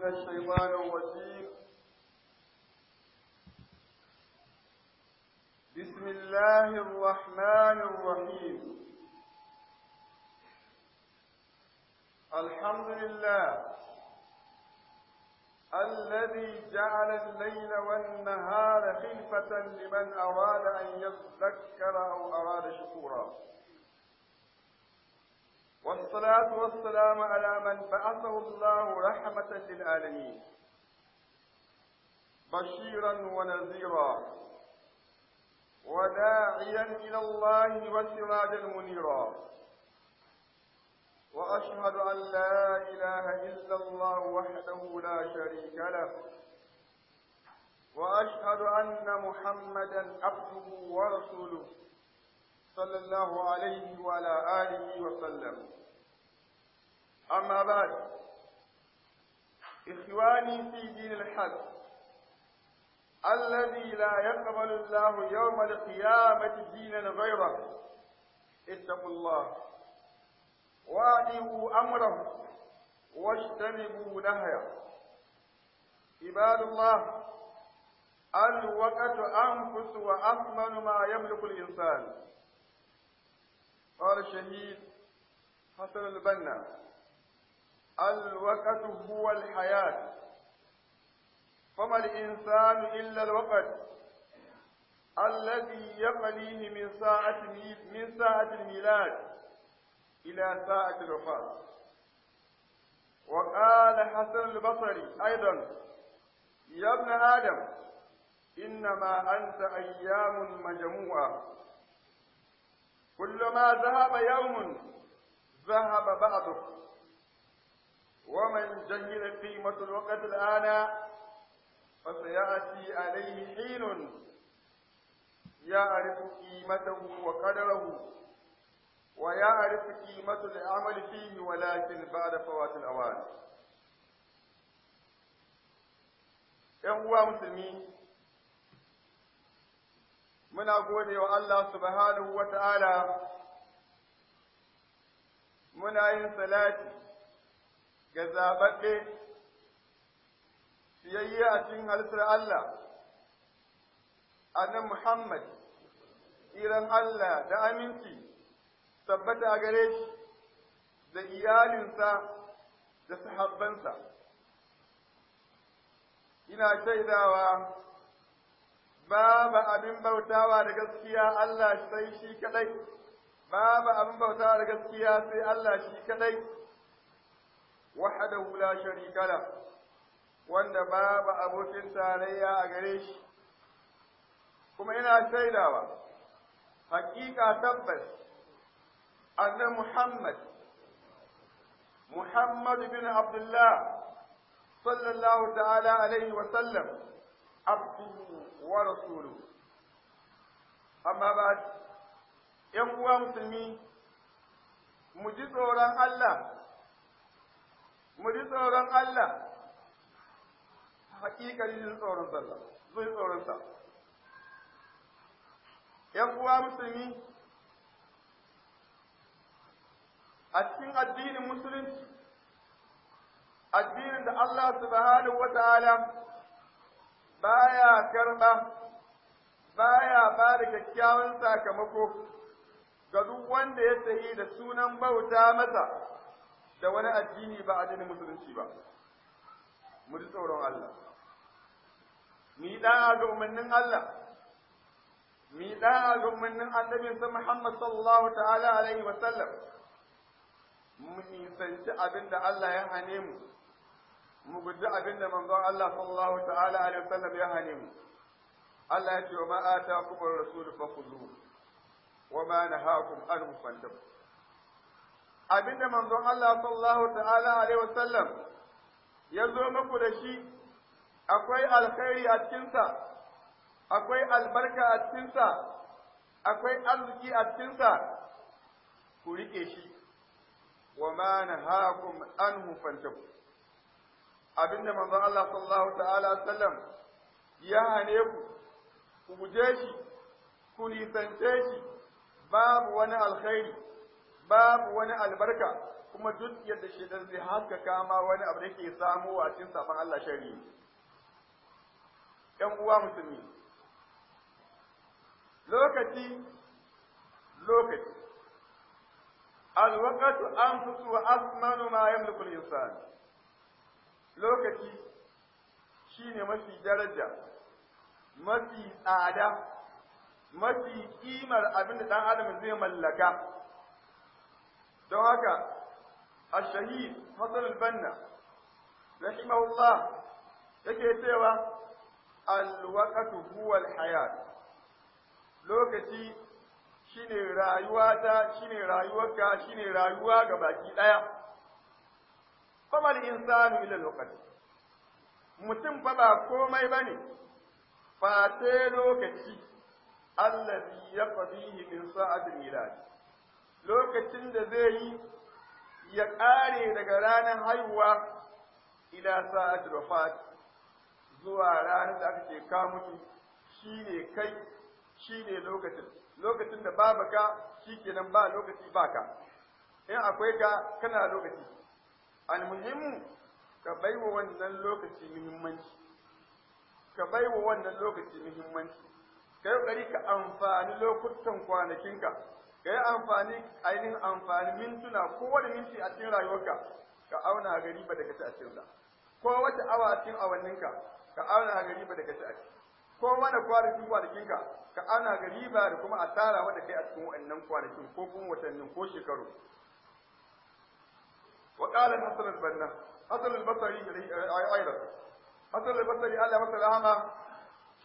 من الشيطان الرجيم بسم الله الرحمن الرحيم الحمد لله الذي جعل الليل والنهار خلفة لمن أراد أن يذكر أو أراد شكورا والصلاة والسلام على من بعثه الله رحمة للعالمين بشيرا ونذيرا وداعيا إلى الله وسراجا منيرا وأشهد أن لا إله إلا الله وحده لا شريك له وأشهد أن محمدا عبده ورسوله صلى الله عليه وعلى آله وسلم أما بعد إخواني في دين الحق الذي لا يقبل الله يوم القيامة دينا غيره اتقوا الله وأعلموا أمره واجتنبوا نهيه عباد الله الوقت أنفس وأثمن ما يملك الإنسان قال الشهيد حسن البنا الوقت هو الحياة فما الإنسان إلا الوقت الذي يقليه من ساعة من ساعة الميلاد إلى ساعة الوفاة وقال حسن البصري أيضا يا ابن آدم إنما أنت أيام مجموعة كلما ذهب يوم ذهب بعضه ومن جهل قيمة الوقت الآن فسيأتي عليه حين يعرف قيمته وقدره ويعرف قيمة العمل فيه ولكن بعد فوات الأوان يا مسلمين muna gode wa Allah subhanahu wa ta'ala, muna yin salati ga zaɓaɓɓe, fiyayye a cikin halittar Allah, annan Muhammad, iran Allah da aminci, tabbata a gare shi, da iyalinsa da sahabbansa. Ina shaidawa babu abin bautawa da gaskiya Allah sai shi kadai babu abin bautawa da gaskiya sai Allah shi kadai wahdahu la sharika wanda babu abokin tarayya a gare shi kuma ina shaidawa hakika tabbas annabi Muhammad Muhammad bin Abdullah sallallahu ta'ala alaihi wa sallam abduhu wa rasuluhu amma ba ‘yan uwa musulmi mu ji tsoron Allah mu ji tsoron Allah hakikali jin tsoron sallah zai tsoron sa ‘yan uwa musulmi a cikin addinin musulunci addinin da Allah subhanahu wa ta'ala baya karɓa baya ba da kyakkyawan sakamako ga duk wanda ya sayi da sunan bauta masa da wani addini ba addinin musulunci ba mu ji tsoron Allah Mi da da'a ga umarnin Allah mi da da'a ga umarnin annabinsa Muhammad sallallahu ta'ala alaihi wasallam, mu nisanci abin da Allah ya hane mu mu guji abin da manzon Allah sallallahu ya hane mu Allah ya ce wa ma ataakum ar-rasul fakhuzuhu wa ma nahakum anhu fantahu abin da manzon Allah sallallahu ya zo muku da shi akwai alkhairi a cikinsa akwai albarka a cikinsa akwai arziki a cikinsa ku riƙe shi wa Abin da manzon Allah sallallahu ta'ala sallam ya hane ku ku guje shi ku nisance shi babu wani alkhairi babu wani albarka kuma duk yadda dan zai haskaka ma wani abu da yake samu a cikin sabon Allah shari ƴan uwa musulmi lokaci lokaci alwaqtu wa asmanu ma yamliku lokaci ne mafi daraja mafi tsada mafi kimar abin da ɗan adam zai mallaka don haka الشهيد حسن البنا رحمه الله yake cewa alwaqatu huwa alhayat lokaci shine rayuwa ta shine rayuwarka shine rayuwa ga baki daya kamar insanu ila lokaci mutum fa ba komai bane fa sai lokaci allazi yaqdihi min sa'atil milad lokacin da zai yi ya ƙare daga ranar haihuwa ila sa'atil wafat zuwa ranar da aka ka mutu shine kai shine lokacin lokacin da babu ka shikenan ba lokaci baka in akwai ka kana lokaci almuhimmu ka wa wannan lokaci muhimmanci ka wa wannan lokaci muhimmanci kai kokari ka amfani lokutan kwanakinka ka yi amfani ainihin amfani mintuna ko wani minti a cikin rayuwarka ka auna gari ba daga ta ci a ko wata awa a cikin awanninka ka auna gari ba daga ta a cikin ko wani kwanakin kwanakinka ka auna gari ba da kuma asara wanda kai a cikin wannan kwanakin ko kuma watannin ko shekaru وقال حسن البنا حسن البصري ايضا حسن البصري قال يا مثل اعمى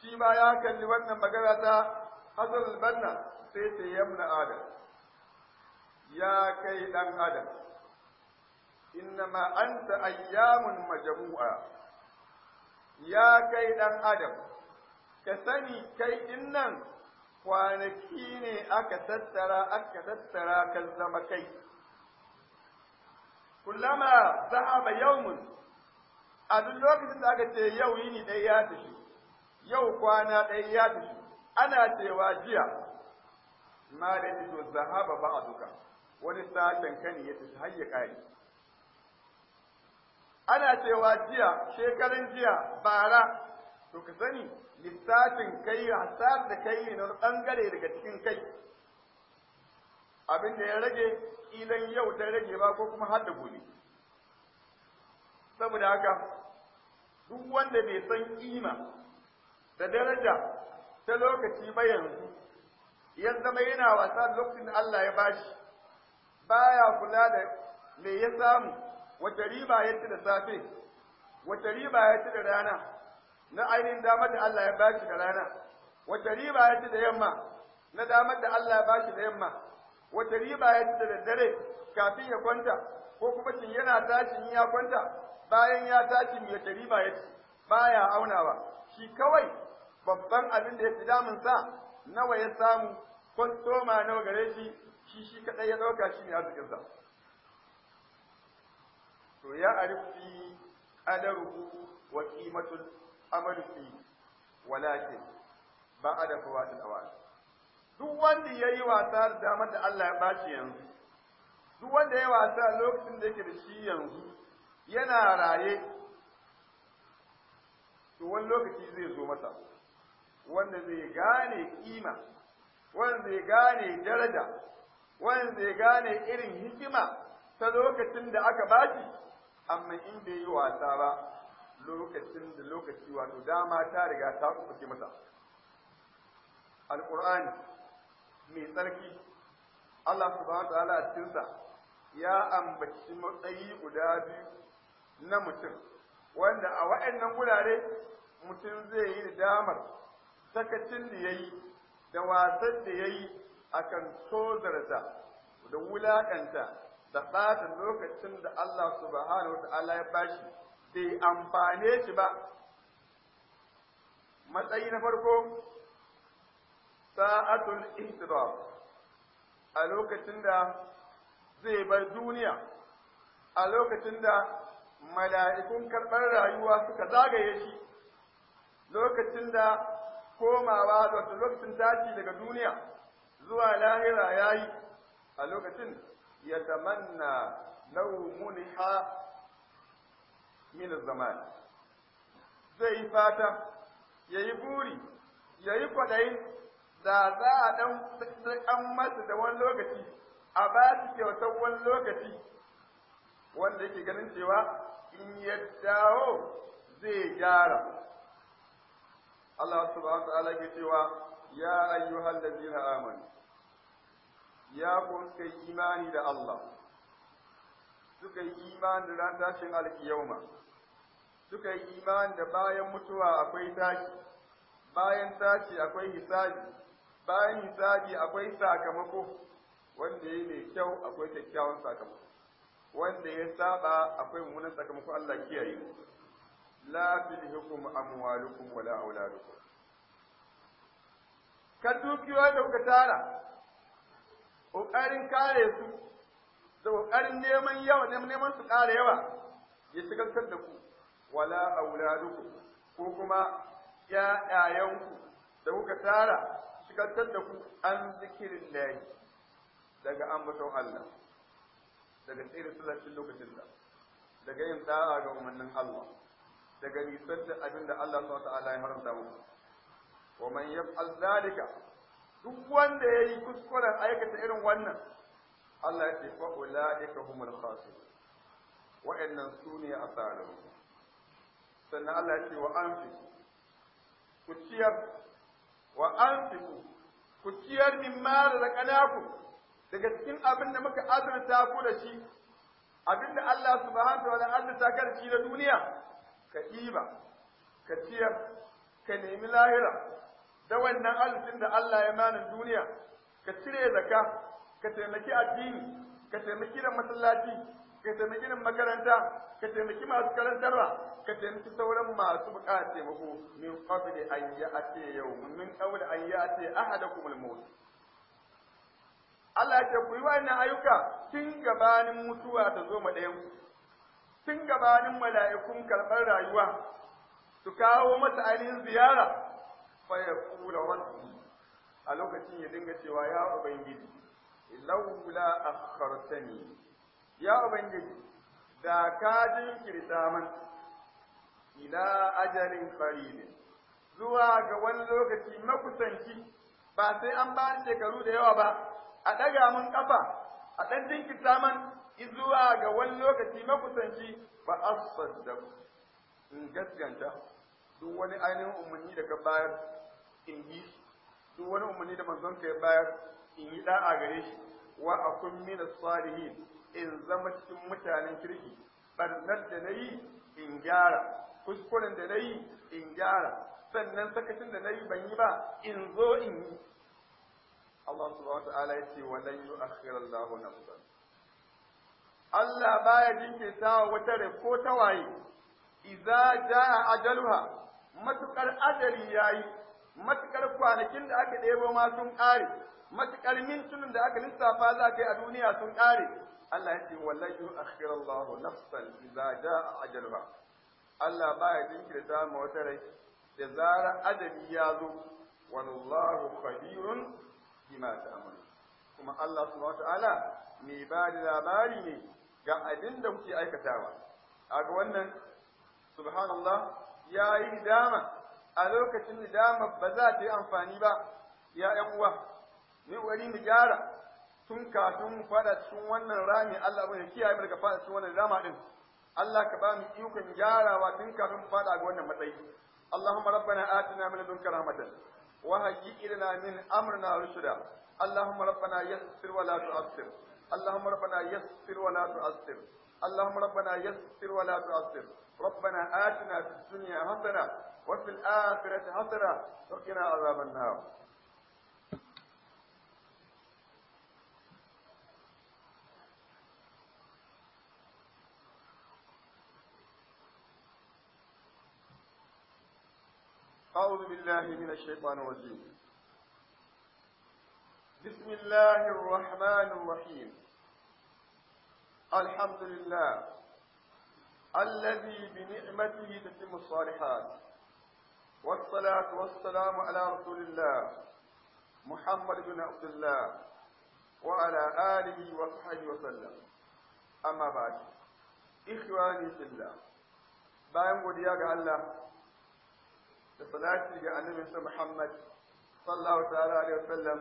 فيما ياكل لبنا مجرى حسن البنا سيت يا ادم يا كيدان ادم انما انت ايام مجموعه يا كيدان ادم كسني كي وانا كيني ne aka tattara kullama zahaba yawmun a duk lokacin da aka ce yau yini ɗaya ya tafi yau kwana ɗaya ya tafi ana cewa jiya ma da to zahaba ba a duka wani sashen kani ya tafi har ya kare ana cewa jiya shekaran jiya bara to ka sani lissafin kai hasar da kai ne na ɓangare daga cikin kai abin da ya rage ilan yau ta rage ba ko kuma har da gobe saboda haka duk wanda bai san kima da daraja ta lokaci ba yanzu ya zama yana wasa lokacin Allah ya bashi baya kula da me ya samu wata riba ya ci da safe wata riba ya ci da rana na ainihin damar da Allah ya bashi da rana wata riba ya ci da yamma na damar da Allah ya bashi da yamma wata riba ya ci da daddare kafin ya kwanta ko kuma shin yana tashi ya kwanta bayan ya tashi mai wata riba ya ci baya aunawa shi kawai babban abin da ya fi damun sa nawa ya samu kwastoma nawa gare shi shi shi kadai ya dauka shi ne arzikin sa to ya arifi adaruhu wa qimatul amali fi walakin ba ada fawadil awal duk wanda ya yi wasa da damar da Allah ya bashi yanzu duk wanda ya wasa lokacin da yake da shi yanzu yana raye to wani lokaci zai zo masa wanda zai gane kima wanda zai gane daraja wanda zai gane irin hikima ta lokacin da aka bashi amma in bai yi wasa ba lokacin da lokaci wato dama ta riga ta kuɓuce masa alƙur'ani mai tsarki Allah subhanahu wataala a cikinsa ya ambaci matsayi guda biyu na mutum wanda a waɗannan gurare mutum zai yi damar sakacin da ya yi da wasan da ya yi a kan tozarta da wulaƙanta da ɓata lokacin da Allah subhanahu wa ta'ala ya bashi bai amfane shi ba matsayi na farko sa'atul ihtibar a lokacin da zai bar duniya a lokacin da mala'ikun karɓar rayuwa suka zagaye shi lokacin da komawa wato lokacin tashi daga duniya zuwa lahira ya yi a lokacin ya tamanna lau ha min zaman zai yi fata ya yi buri ya yi kwaɗayi da za a dan an masa da wani lokaci a ba su kyautar wani lokaci wanda yake ganin cewa in ya dawo zai gyara Allah subhanahu wa ta'ala ke cewa ya ayyuhal ladina amanu ya kun kai imani da Allah suka yi imani da ran tashin alkiyauma suka yi imani da bayan mutuwa akwai tashi bayan tashi akwai hisabi bayan hisabi akwai sakamako wanda ya mai kyau akwai kyakkyawan sakamako wanda ya saba akwai mummunan sakamako Allah kiyaye mu la tulhikum amwalukum wala auladukum ka dukiyo da kuka tara ƙoƙarin kare su da ƙoƙarin neman yawa neman su ƙara yawa ya shigar da ku wala auladukum ko kuma ƴaƴayenku da kuka tara shagaltar da ku an zikirin lahi daga ambaton Allah daga tsere salatin lokacin da daga yin da'a ga umarnin Allah daga nisan da abin da Allah subhanahu ta'ala ya haramta muku wa man yaf'al zalika duk wanda yayi kuskuren aikata irin wannan Allah ya ce fa ulaika humul khasirun wa'annan sune asalu sannan Allah ya ce wa anfi ku ciyar wa anfiqu ku ciyar mimma kanaku daga cikin abin da muka azurta ku da shi abin da Allah subhanahu wa ta'ala ta da duniya ka ɗiba ka ciyar ka nemi lahira da wannan arzikin da Allah ya mana duniya ka cire zaka ka taimaki addini ka taimaki da masallaci ka taimaki nan makaranta ka taimaki masu karantarwa ka taimaki sauran masu bukatar taimako min qabli an ate yau min qabli an ate ahadakum al-maut Allah ya ku yi wannan ayyuka tun gabanin mutuwa ta zo ma ɗayan tun gabanin mala'ikun karɓar rayuwa su kawo masa ainihin ziyara fa ya kula rabbi a lokacin ya dinga cewa ya ubangiji laula akhartani ya ubangiji da ka jinkirta man ila ajalin ne. zuwa ga wani lokaci makusanci ba sai an ba shekaru da yawa ba a ɗaga mun ƙafa a ɗan jinkirta man zuwa ga wani lokaci makusanci ba da in gaskanta duk wani ainihin umarni da ka bayar in yi duk wani umarni da manzon ka ya bayar in yi da'a gare shi wa akun min as-salihin in zama cikin mutanen kirki barnar da na yi in gyara kuskuren da na yi in gyara sannan sakacin da na yi ban yi ba in zo in yi Allah subhanahu wa ta'ala ya ce wa lan yu'akhkhira Allahu nafsan Allah baya jinkirta wata rai ko ta waye, iza ja ajaluha, matuƙar ajali ya yi, matuƙar kwanakin da aka ɗebo ma sun ƙare, matukar mintunan da aka lissafa za ka yi a duniya sun ƙare Allah ya ce wallahi akhirallahu nafsan idza jaa ajaluha Allah baya da ma wata rai da zara adali ya zo wallahu khabirun bima ta'malu kuma Allah subhanahu wataala mai ba da labari ne ga abin da kuke aikatawa ga wannan subhanallah ya yi dama a lokacin dama ba za ta yi amfani ba ya ‘yan uwa ni wani ni gyara tun kafin fada cikin wannan rami Allah bai kiyaye daga fada cikin wannan rama din Allah ka bani mu iko tun kafin fada ga wannan matsayi Allahumma rabbana atina min ladunka rahmatan wa hayyi ilana min amrina rusuda Allahumma rabbana yassir wa la tu'assir Allahumma rabbana yassir wa la tu'assir Allahumma rabbana yassir wa la tu'assir ربنا آتنا في الدنيا حسنة وفي الآخرة حسنة وقنا عذاب النار بالله من الشيطان الرجيم بسم الله الرحمن الرحيم الحمد لله الذي بنعمته تتم الصالحات والصلاة والسلام على رسول الله محمد بن عبد الله وعلى آله وصحبه وسلم أما بعد إخواني في الله بايم يا الله da salati ga annabi sa Muhammad sallallahu ta'ala alaihi wasallam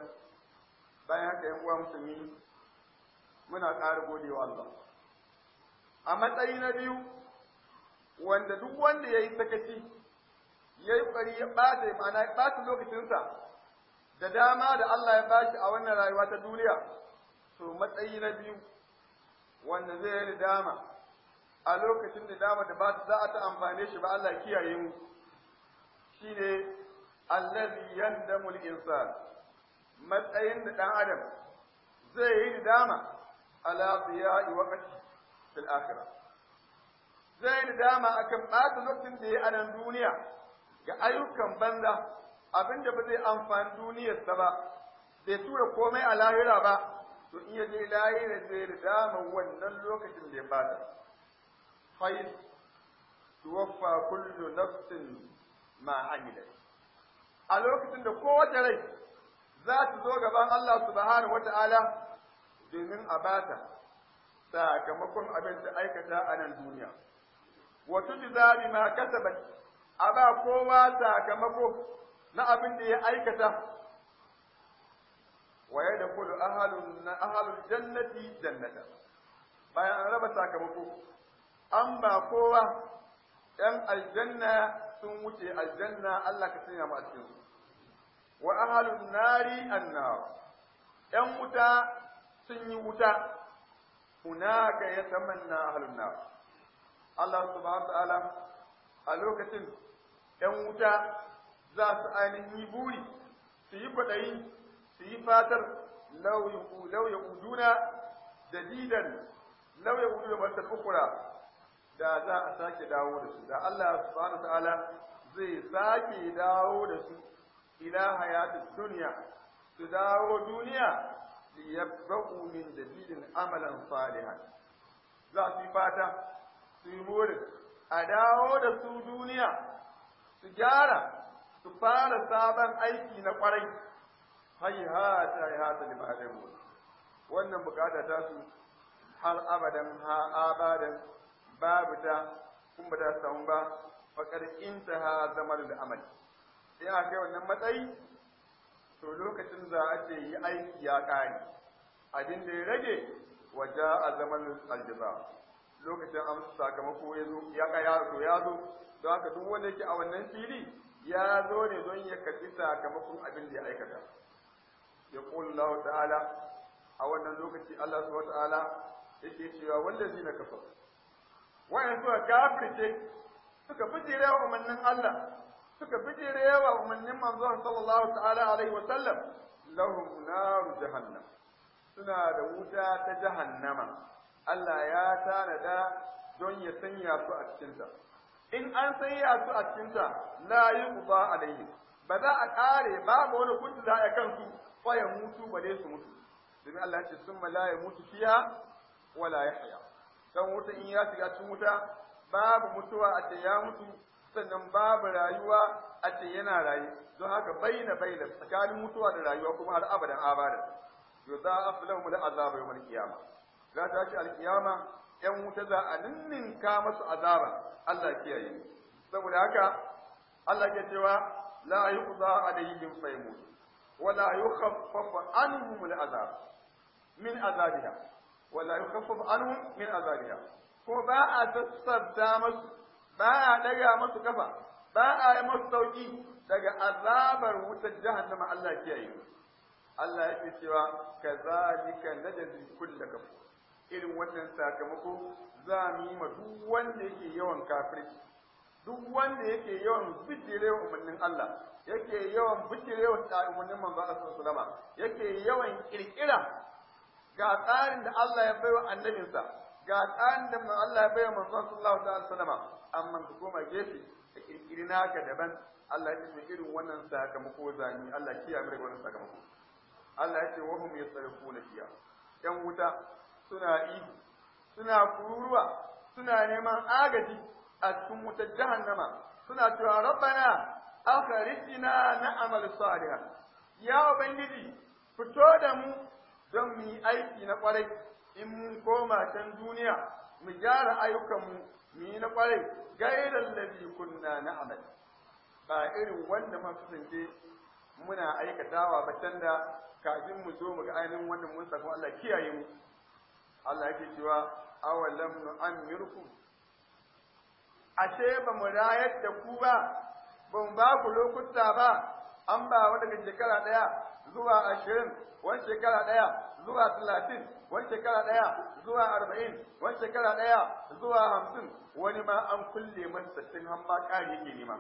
bayan haka yan uwa musulmi muna ƙara godewa Allah a matsayi na biyu wanda duk wanda yayi sakaci yayi kokari ya bata ma'ana ya bata lokacinsa da dama da Allah ya bashi a wannan rayuwa ta duniya to matsayi na biyu wanda zai yi dama a lokacin da dama da ba za a ta amfane shi ba Allah kiyaye mu shine allazi yandamu da mulkinsa matsayin da ɗan adam zai yi dama ala biya waqti zai yi dama akan ɓata lokacin da ya a nan duniya ga ayyukan banza abinda ba zai amfani duniyarsa ba bai tura komai a lahira ba to in ya je lahira zai da dama wannan lokacin da ya bada, fayil tuwaffa kullu nafsin ma amila a lokacin da kowace rai za ta zo gaban Allah subhanahu wata'ala domin a bata sakamakon abin da aikata a nan duniya wa tujza ma kasabat a ba kowa sakamako na abin da ya aikata waye da ahalun na ahalul jannati jannata bayan an raba sakamako an ba kowa ‘yan aljanna sun wuce aljanna Allah ka sanya mu a cikin su wa ahlun nari annar ƴan wuta sun yi wuta hunaka yatamanna ahlun nar Allah subhanahu wa ta'ala a lokacin ƴan wuta za su ainihin yi buri su yi kwaɗayi su yi fatar lau ya ƙuduna jadidan lau ya ƙuduna mata ukura da za a sake dawo da su da Allah subhanahu ta'ala zai sake dawo da su ila hayatid dunya su dawo duniya liyabqu min dalilin amalan salihan za su fata su yi a dawo da su duniya su gyara su fara sabon aiki na kwarai ha ta limanin wannan bukata ta su har abadan ha abadan babu ta kun ba ta samu ba inta ha zamar da amal sai a kai wannan matsayi to lokacin za a ce yi aiki ya ƙare abin da ya rage waje a zaman aljiba lokacin amsa sakamako ya zo ya to ya zo don haka duk wanda yake a wannan fili ya zo ne don ya karbi sakamakon abin da ya aikata ya Allah ta'ala a wannan lokaci Allah subhanahu wa ta'ala yake cewa wanda zina kafa. wayan suka kafirce suka bijire wa umarnin Allah suka bijire wa umarnin manzon sallallahu ta'ala alaihi wa sallam lahum naru jahannam suna da wuta ta jahannama Allah ya tanada don ya sanya su a cikinta in an sanya su a cikinta la yuqda alaihim ba za a kare babu wani gudu za a kansu fa ya mutu ba bale su mutu domin Allah ya ce summa la yamutu fiha wala yahya dan wuta in ya shiga cikin wuta babu mutuwa a ce ya mutu sannan babu rayuwa a ce yana raye don haka baina baina tsakanin mutuwa da rayuwa kuma har abadan abada yudha'af lahum al'azab yawm al kiyama za ta ce alkiyama yan wuta za a ninninka masu azaba Allah kiyaye saboda haka Allah ke cewa la dayi alayhim faymut wala mu anhum al'azab min azabiha wala yukaffaf anhum min azabiha ko ba a sassabta masu ba a daga masu kafa ba a yi masu sauki daga azabar wutar jahannama Allah kiyaye Allah yake cewa kazalika najzi kullu kafur irin wannan sakamako za mu yi duk wanda yake yawan kafirci duk wanda yake yawan bijirewa umarnin Allah yake yawan yake yawan ga tsarin da Allah ya baiwa annabinsa ga tsarin da Allah ya baiwa manzon sallallahu alaihi wasallam amma ku koma gefe da kirkiri naka daban Allah ya ce irin wannan sakamako zani Allah kiya mai wannan sakamako Allah ya ce wa hum yasrifuna fiya yan wuta suna ihu suna kururuwa suna neman agaji a cikin wutar jahannama suna cewa rabbana akhrijna na'mal salihan ya ubangiji fito da mu don mu yi aiki na kwarai in mun koma can duniya mu gyara ayyukanmu mu yi na kwarai gairar ladhi kunna amal ba irin wanda ma kasance muna aikatawa ba can da kafin mu zo mu ga ainihin wannan mun sako Allah kiyaye mu Allah yake cewa awalam amirku ashe ba mu rayar da ku ba ban ba ku lokuta ba an ba wa shekara ɗaya zuwa ashirin wani shekara ɗaya zuwa talatin wani shekara ɗaya zuwa arba'in wani shekara ɗaya zuwa hamsin wani ma an kulle masa sassin hamma ƙari yake nema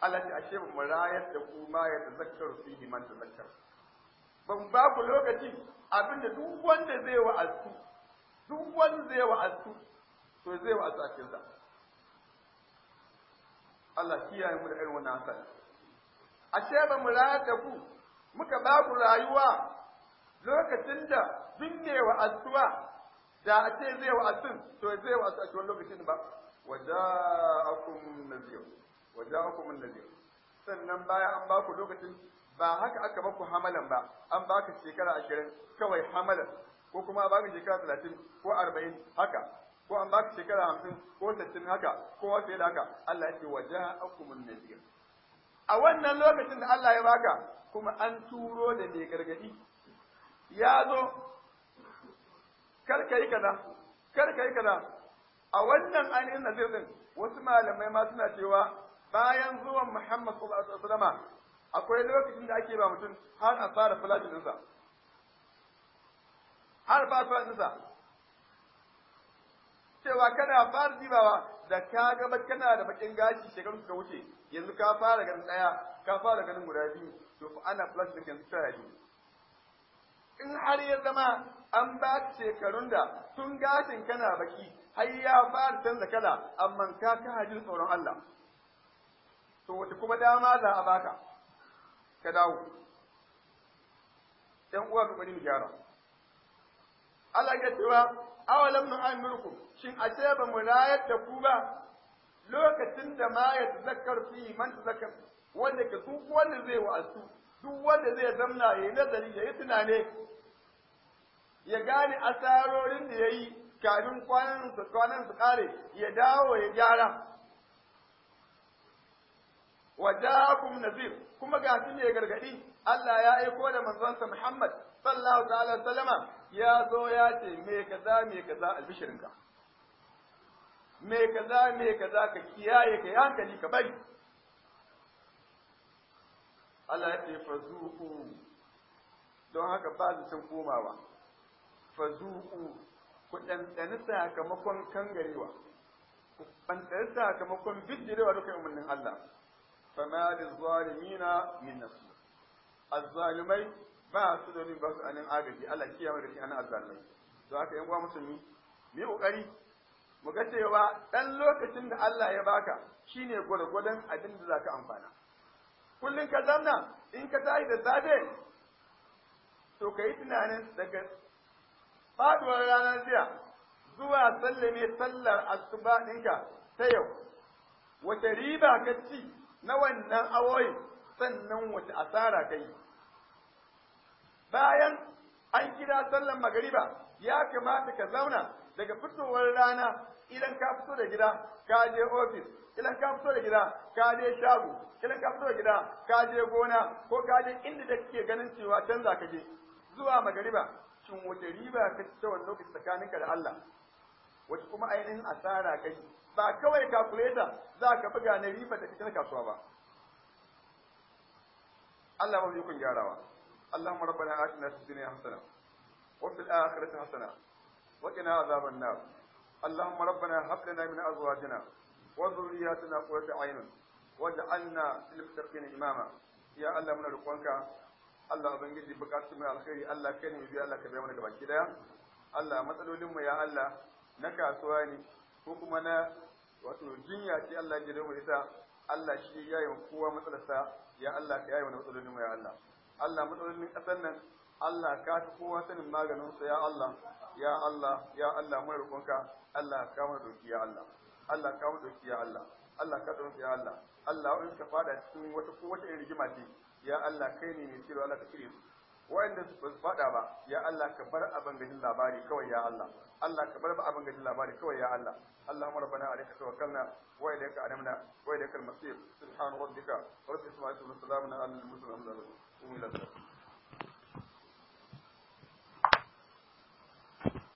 Allah ta ashe mu rayar da ku ma ya tazakkaru fihi man tazakkar ban ba ku lokaci abinda duk wanda zai wa'azu duk wanda zai wa'azu to zai wa'azu a cikin sa Allah kiyaye mu da irin wannan hasali ashe ba mu rayar da ku muka ba ku rayuwa lokacin da binne wa addu'a da a ce zai wa addin to zai wa a cikin lokacin ba waja'akum nadhir waja'akum nazir sannan bayan an ba ku lokacin ba haka aka ba ku hamalan ba an ba ka shekara ashirin kawai hamalan ko kuma ba ka shekara talatin ko arba'in haka ko an ba ka shekara hamsin ko sittin haka ko wasu yadda haka Allah ya ce waja'akum nazir a wannan lokacin da Allah ya baka kuma an turo da mai gargadi ya zo karka yi kaza karka yi kaza a wannan ainihin nazir din wasu malamai ma suna cewa bayan zuwan Muhammad sallallahu alaihi wasallam akwai lokacin da ake ba mutum har a fara fulajin har ba fulajin sa, cewa kana fara dibawa da ka ga kana da bakin gashi shekaru suka wuce yanzu ka fara ganin daya ka fara ganin guda biyu to fa ana plus da yanzu tsaya biyu in har ya zama an ba shekarun da tun gashin kana baki har ya fara canza kala amma ka ka haji tsoron Allah to wata kuma dama za a baka ka dawo dan uwa ka bari mu gyara Allah ya cewa awalam nu'amirukum shin ashe ba mu rayar da ku ba lokacin da ma ya tazakkar fi man tazakkar wanda ke duk wanda zai wa'azu duk wanda zai zamna yayi nazari yayi tunane ya gane asarorin da yayi kafin kwanan su kwanan su kare ya dawo ya gyara wajakum nazir kuma ga ne gargadi Allah ya aiko da manzonsa Muhammad sallallahu ta'ala sallama ya zo ya ce me kaza me kaza albishirinka me kaza me kaza ka kiyaye ka hankali ka bari Allah ya ce fazuku don haka ba zancen komawa fazuku ku ɗanɗani sakamakon kangarewa ku ɗanɗani sakamakon bijirewa dukkan umarnin Allah fama da zalimina min nasu azzalimai ba su da ba su anin agaji Allah kiya mai da shi anan azalmai to haka yan uwa musulmi mu yi kokari mu ga cewa dan lokacin da Allah ya baka shine gwargwadon abin da zaka amfana kullun ka zanna in ka tashi da safe to kai tunanin daga faduwar ranar jiya zuwa sallame sallar asuba ɗinka ta yau wace riba ka ci na wannan awoyin sannan wace asara ka yi bayan an kira Sallar magariba ya kamata ka zauna daga fitowar rana idan ka fito da gida ka je ofis idan ka fito da gida ka je shago idan ka fito da gida ka je gona ko ka je inda da kake ganin cewa canza ka je zuwa magariba shin wace riba ka ci ta lokaci tsakaninka da Allah wace kuma ainihin asara kai ba kawai calculator za ka buga na riba da cikin kasuwa ba Allah ba zai kun gyarawa اللهم ربنا آتنا في الدنيا حسنة وفي الآخرة حسنة وقنا عذاب النار اللهم ربنا هب لنا من أزواجنا وذرياتنا قرة عين واجعلنا للمتقين إماما يا الله من رقوانك Allah Ubangiji bukatu mai alkhairi Allah kai ne biya Allah ka biya mana gabaki daya Allah matsalolin mu ya Allah na kasuwa ne ko kuma na wato jinya ce Allah ya jira mu ita Allah shi ya yi kowa matsalarsa ya Allah ka yi mana matsalolin mu ya Allah Allah matsalolin ƙasar nan Allah ka fi kowa sanin maganinsa ya Allah ya Allah ya Allah mai roƙonka Allah ka mana doki ya Allah Allah ka mana doki ya Allah Allah ka tsoron ya Allah Allah wa'in ka fada cikin wata ko wata irin rigima ce ya Allah kai ne mai ciro Allah ka cire su wa'inda ba su fada ba ya Allah ka bar a bangajin labari kawai ya Allah Allah ka bar ba a bangajin labari kawai ya Allah Allah Allahumma rabbana alayka tawakkalna wa ilayka anamna wa ilayka al-masir subhana rabbika rabbil izzati wa salamun ala al-mursalin Muy largo.